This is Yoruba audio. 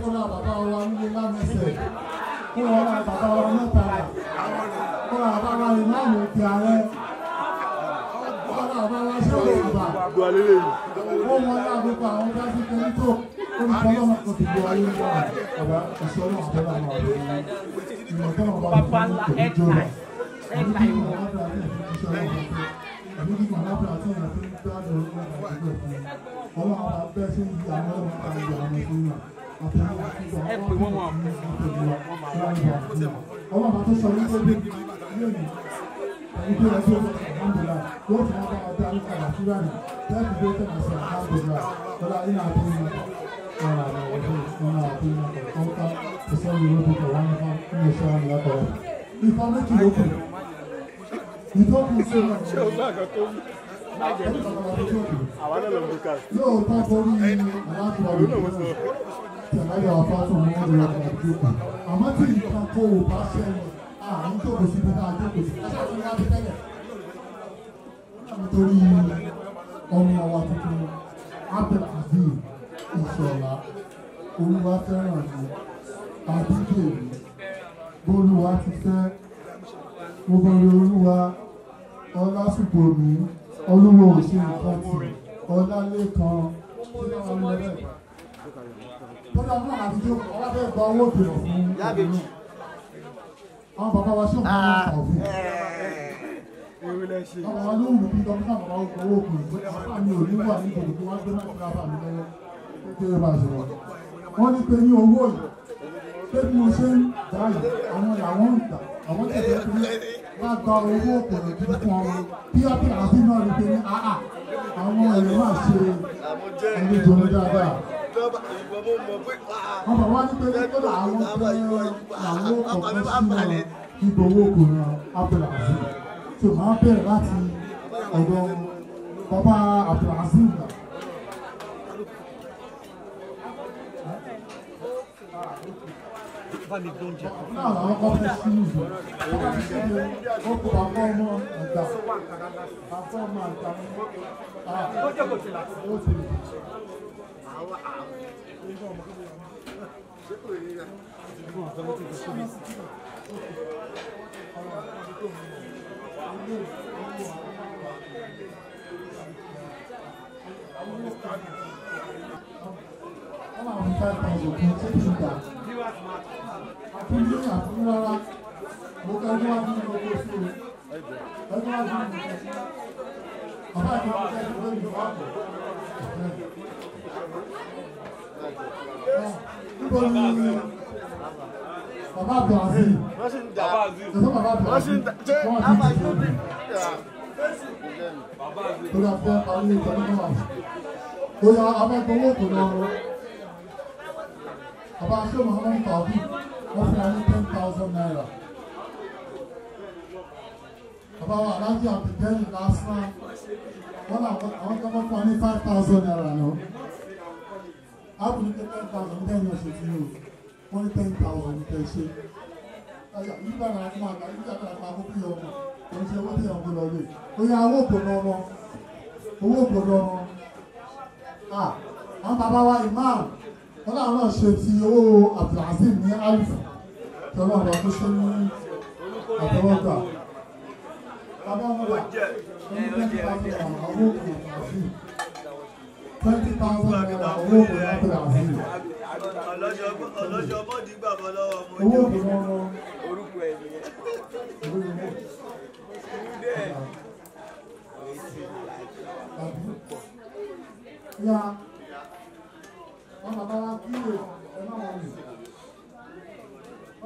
kó ra bàbá wa nílé lámẹsẹ̀ kó ra bàbá wa mẹ́ta kó ra bàbá wa ìmáàmù òkè ààrẹ kó ra bàbá wa ṣẹlẹ̀ ìgbà ó wọn ní àgbẹ̀pọ̀ àwọn dájú kẹ́lí tó olùkọ́ náà kò dìbò ayé wa ọ̀dà ìṣọ́ náà bẹ́ẹ̀ náà wà lórí ìmọ̀tọ́nà bá wọn kò dìbò jọba àbíkú ìmọ̀ wọn bá wọn kò dìbò jọba ìlú nígbà lábẹ́ àti ìyẹn tó ń gbádùn ọlọ́run àti ìgbẹ́ fún un ọlọ́run àwọn abẹ́ sí ìdí àwọn ọlọ́run àti ìyá àwọn ìlú náà àti àwọn akíkọ ọlọ́run àti ìpèníyà ọlọ́run àti sọ wípé bí lónìí ìgbé ẹjọ́ alhamdulillah yóò fi wọn bá wọn dá nípa àbàtúrà nì láti gbé tẹ̀lé sí alhamdulillah ọlá yín àti ìyẹn ọ̀rọ̀ àwọn ọ̀dọ́ ọ̀rọ̀ àti ìyẹn ọ̀rọ̀ kọ́ńtà ìṣẹ́ ìlú ló ti kọ̀ wá nípa ní ìṣẹ́ àmì ṣé o gbà kan tó wí. àwa náà lọ bí ká. lóòótọ́ torí aláàbò àwọn ọmọ tẹ̀láyà afáfọ̀ mọ́ ọ̀rọ̀ ọ̀rọ̀ àdúgbò àmọ́ tí nǹkan kó o bá ṣẹlẹ̀ àrùn jókòó síbi tá a jókòó sí ká ṣàtúnyẹ láti tẹ́lẹ̀. nítorí ọmọ wa tuntun abdulkazeem ìṣọ̀lá olúwafẹ́ràn ni àdúgbò mi bólúwa ti fẹ́ mo bẹ̀rẹ̀ olúwa ọlásìkò mi olúwo òṣè nǹkan tì ọlálẹ́kan kí wọ́n lọ bẹ́ẹ̀. bọ́dà náà àtijọ́ ọlábẹ́ gba owó kìlọ̀ fún ìlú àwọn bàbá wa ṣe òkú ní ọ̀fìn. ọmọ wa ló ń wù bí dókítà bàbá ó gbowó kù bàbá mi ò ní wà ní ìbòdò tó wá gbé láti ra bàbá mi lọ́wọ́ ó kéré bá a sọ̀rọ̀. wọ́n ní pé ní owó yìí pé bí mo ṣe ń dá yìí àwọn làwọn ń tà àwọn tẹ̀lé wọ́n gba owó òkòrò tó fún ọ bí ọbẹ̀ àbí náà rí pé ní àhà àwọn èrò máa ṣe ẹni tó ní dáadáa. wọ́n bá wá ní pé kí ló àwọn tó ń àwọn ọ̀pọ̀ sí ọ ibo owó òkòrò abẹ́rẹ́ àti tó máa bẹ̀rẹ̀ láti ọ̀dọ̀ bàbá Abdulhasim náà. bá mi gbóúnjẹ. náà àwọn ọkọ fún sílùú ó kó àpò ọmọ àgbà àpò ọmọ àgbà ó jẹ́ kò tìlà. ó ti lè. àwọn àwọn ọmọ ọmọ ṣé kò yẹ ya. Thank you àfihàn àfihànra mo ká ẹgbẹ́ wá fún mi lọ́wọ́ sí o ẹgbẹ́ wá fún mi lọ́wọ́ bàbá mi kọ́ ẹgbẹ́ wá fún mi lọ́wọ́ níbo ni bàbá àbọ̀ àzí ẹ̀sọ́ bàbá àbọ̀ àzí wọ́n ti ti tó dà fún ẹ̀ parí ìtọ́jú náà ó yà abẹ́gbẹ́ owó kò lọ́wọ́ ọba ṣé muhammed tàbí wọ́n fún wa ten thousand naira ọba wa aláàjì àbíkẹ́lì lásán wọ́n làwọn tó wọ́n fún wa ní five thousand naira lọ ábùdí ní ten thousand ten ẹ̀yìn ọ̀sẹ̀ tí yóò wọ́n ten thousand ní kẹ́ ṣe nígbà náà fún àgbà nígbà náà fún akókò yọ ọmọ kò ń ṣe owó tí ìyàwó lọ lè oyè owó ògbóná ọmọ owó ògbóná ọmọ ah àwọn bàbá wa imam wọn làwọn náà ṣe ti owó abdulhasim ní alifa tí ọlọ́run bá tó ṣe ní àtọwọ́gbà bàbá wọn rà twenty thousand naira owó kan abdulhasim twenty thousand naira owó kan abdulhasim ọlọ́jọ́ bọ́ọ̀dì gbàgbọ́ lọ́wọ́ mo